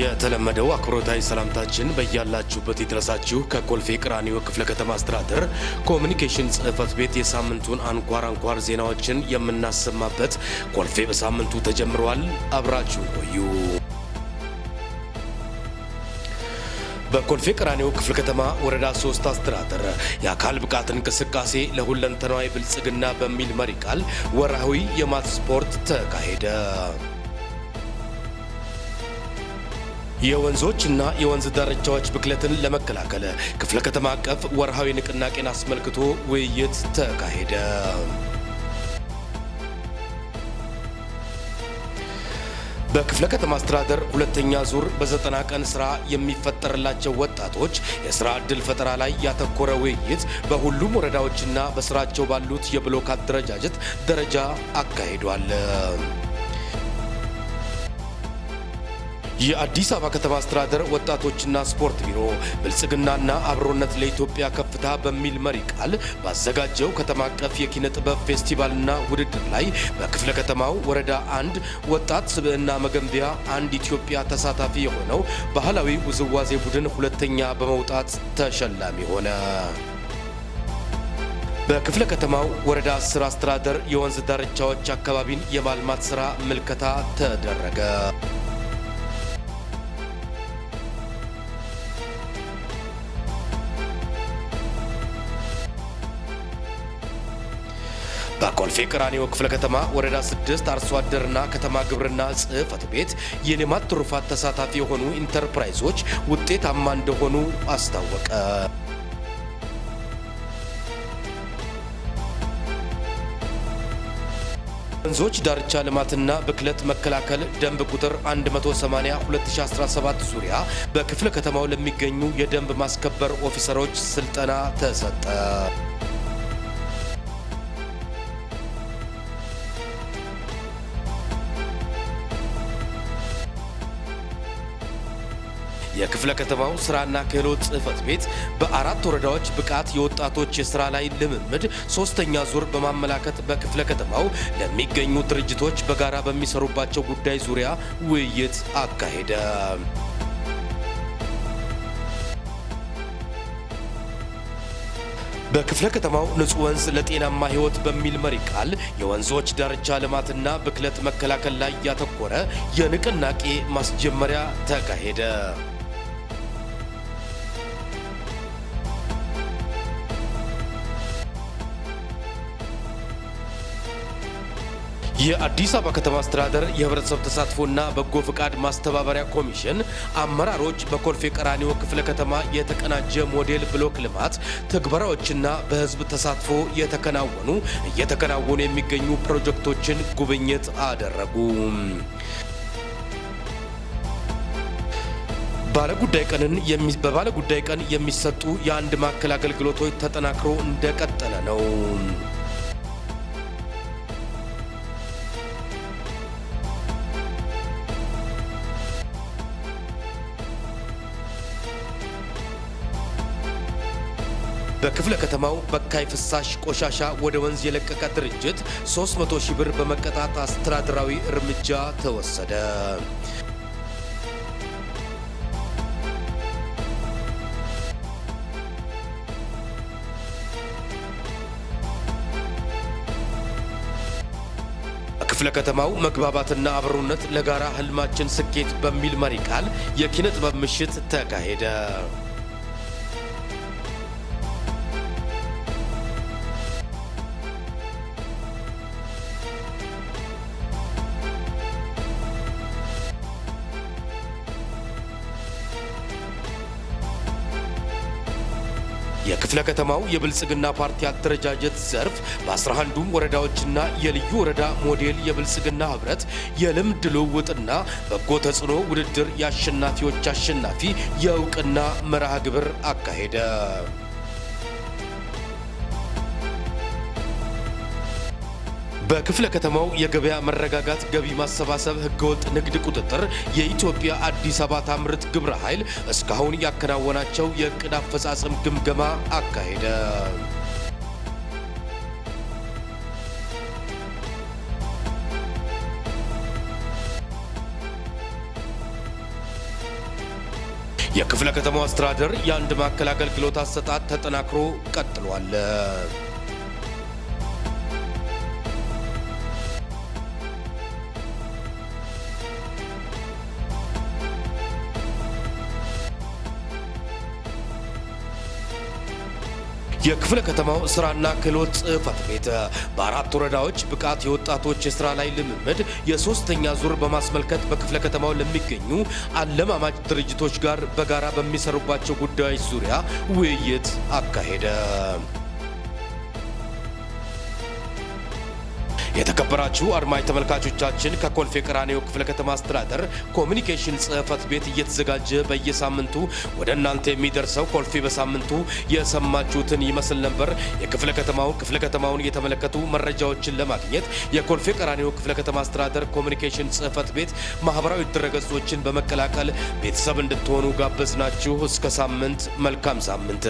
የተለመደው አክብሮታዊ ሰላምታችን በያላችሁበት ይድረሳችሁ። ከኮልፌ ቀራኒዮ ክፍለ ከተማ አስተዳደር ኮሚኒኬሽን ጽህፈት ቤት የሳምንቱን አንኳር አንኳር ዜናዎችን የምናሰማበት ኮልፌ በሳምንቱ ተጀምረዋል። አብራችሁ ቆዩ። በኮልፌ ቀራኒዮ ክፍለ ከተማ ወረዳ 3 አስተዳደር የአካል ብቃት እንቅስቃሴ ለሁለንተናዊ ብልጽግና በሚል መሪ ቃል ወርሃዊ የማት ስፖርት ተካሄደ። የወንዞችና የወንዝ ዳርቻዎች ብክለትን ለመከላከል ክፍለ ከተማ አቀፍ ወርሃዊ ንቅናቄን አስመልክቶ ውይይት ተካሄደ። በክፍለ ከተማ አስተዳደር ሁለተኛ ዙር በዘጠና ቀን ስራ የሚፈጠርላቸው ወጣቶች የስራ ዕድል ፈጠራ ላይ ያተኮረ ውይይት በሁሉም ወረዳዎችና በስራቸው ባሉት የብሎክ አደረጃጀት ደረጃ አካሂዷል። የአዲስ አበባ ከተማ አስተዳደር ወጣቶችና ስፖርት ቢሮ ብልጽግናና አብሮነት ለኢትዮጵያ ከፍታ በሚል መሪ ቃል ባዘጋጀው ከተማ አቀፍ የኪነ ጥበብ ፌስቲቫልና ውድድር ላይ በክፍለ ከተማው ወረዳ አንድ ወጣት ስብዕና መገንቢያ አንድ ኢትዮጵያ ተሳታፊ የሆነው ባህላዊ ውዝዋዜ ቡድን ሁለተኛ በመውጣት ተሸላሚ ሆነ። በክፍለ ከተማው ወረዳ አስር አስተዳደር የወንዝ ዳርቻዎች አካባቢን የማልማት ስራ ምልከታ ተደረገ። በኮልፌ ቀራኒዮ ክፍለ ከተማ ወረዳ ስድስት አርሶ አደርና ከተማ ግብርና ጽህፈት ቤት የልማት ትሩፋት ተሳታፊ የሆኑ ኢንተርፕራይዞች ውጤታማ እንደሆኑ አስታወቀ። ወንዞች ዳርቻ ልማትና ብክለት መከላከል ደንብ ቁጥር 180/2017 ዙሪያ በክፍለ ከተማው ለሚገኙ የደንብ ማስከበር ኦፊሰሮች ስልጠና ተሰጠ። የክፍለ ከተማው ስራና ክህሎት ጽህፈት ቤት በአራት ወረዳዎች ብቃት የወጣቶች የስራ ላይ ልምምድ ሶስተኛ ዙር በማመላከት በክፍለ ከተማው ለሚገኙ ድርጅቶች በጋራ በሚሰሩባቸው ጉዳይ ዙሪያ ውይይት አካሄደ። በክፍለ ከተማው ንጹህ ወንዝ ለጤናማ ህይወት በሚል መሪ ቃል የወንዞች ዳርቻ ልማትና ብክለት መከላከል ላይ ያተኮረ የንቅናቄ ማስጀመሪያ ተካሄደ። የአዲስ አበባ ከተማ አስተዳደር የህብረተሰብ ተሳትፎና በጎ ፍቃድ ማስተባበሪያ ኮሚሽን አመራሮች በኮልፌ ቀራኒዮ ክፍለ ከተማ የተቀናጀ ሞዴል ብሎክ ልማት ትግበራዎችና በህዝብ ተሳትፎ የተከናወኑ እየተከናወኑ የሚገኙ ፕሮጀክቶችን ጉብኝት አደረጉ። ባለጉዳይ ቀንን በባለጉዳይ ቀን የሚሰጡ የአንድ ማዕከል አገልግሎቶች ተጠናክሮ እንደቀጠለ ነው። በክፍለ ከተማው በካይ ፍሳሽ ቆሻሻ ወደ ወንዝ የለቀቀ ድርጅት 300 ሺህ ብር በመቀጣት አስተዳደራዊ እርምጃ ተወሰደ። ክፍለ ከተማው መግባባትና አብሮነት ለጋራ ህልማችን ስኬት በሚል መሪ ቃል የኪነ ጥበብ ምሽት ተካሄደ። የክፍለ ከተማው የብልጽግና ፓርቲ አደረጃጀት ዘርፍ በ11ዱም ወረዳዎችና የልዩ ወረዳ ሞዴል የብልጽግና ህብረት የልምድ ልውውጥና በጎ ተጽዕኖ ውድድር የአሸናፊዎች አሸናፊ የእውቅና መርሃ ግብር አካሄደ። በክፍለ ከተማው የገበያ መረጋጋት፣ ገቢ ማሰባሰብ፣ ህገወጥ ንግድ ቁጥጥር የኢትዮጵያ አዲስ አበባ ታምርት ግብረ ኃይል እስካሁን ያከናወናቸው የእቅድ አፈጻጸም ግምገማ አካሄደ። የክፍለ ከተማው አስተዳደር የአንድ ማዕከል አገልግሎት አሰጣጥ ተጠናክሮ ቀጥሏል። የክፍለ ከተማው ስራና ክህሎት ጽህፈት ቤት በአራት ወረዳዎች ብቃት የወጣቶች የስራ ላይ ልምምድ የሶስተኛ ዙር በማስመልከት በክፍለ ከተማው ለሚገኙ አለማማጭ ድርጅቶች ጋር በጋራ በሚሰሩባቸው ጉዳዮች ዙሪያ ውይይት አካሄደ። የተከበራችሁ አድማጭ ተመልካቾቻችን ከኮልፌ ቀራኒዮ ክፍለ ከተማ አስተዳደር ኮሚኒኬሽን ጽህፈት ቤት እየተዘጋጀ በየሳምንቱ ወደ እናንተ የሚደርሰው ኮልፌ በሳምንቱ የሰማችሁትን ይመስል ነበር። የክፍለ ከተማውን ክፍለ ከተማውን የተመለከቱ መረጃዎችን ለማግኘት የኮልፌ ቀራኒዮ ክፍለ ከተማ አስተዳደር ኮሚኒኬሽን ጽህፈት ቤት ማህበራዊ ድረገጾችን በመቀላቀል ቤተሰብ እንድትሆኑ ጋበዝናችሁ። እስከ ሳምንት መልካም ሳምንት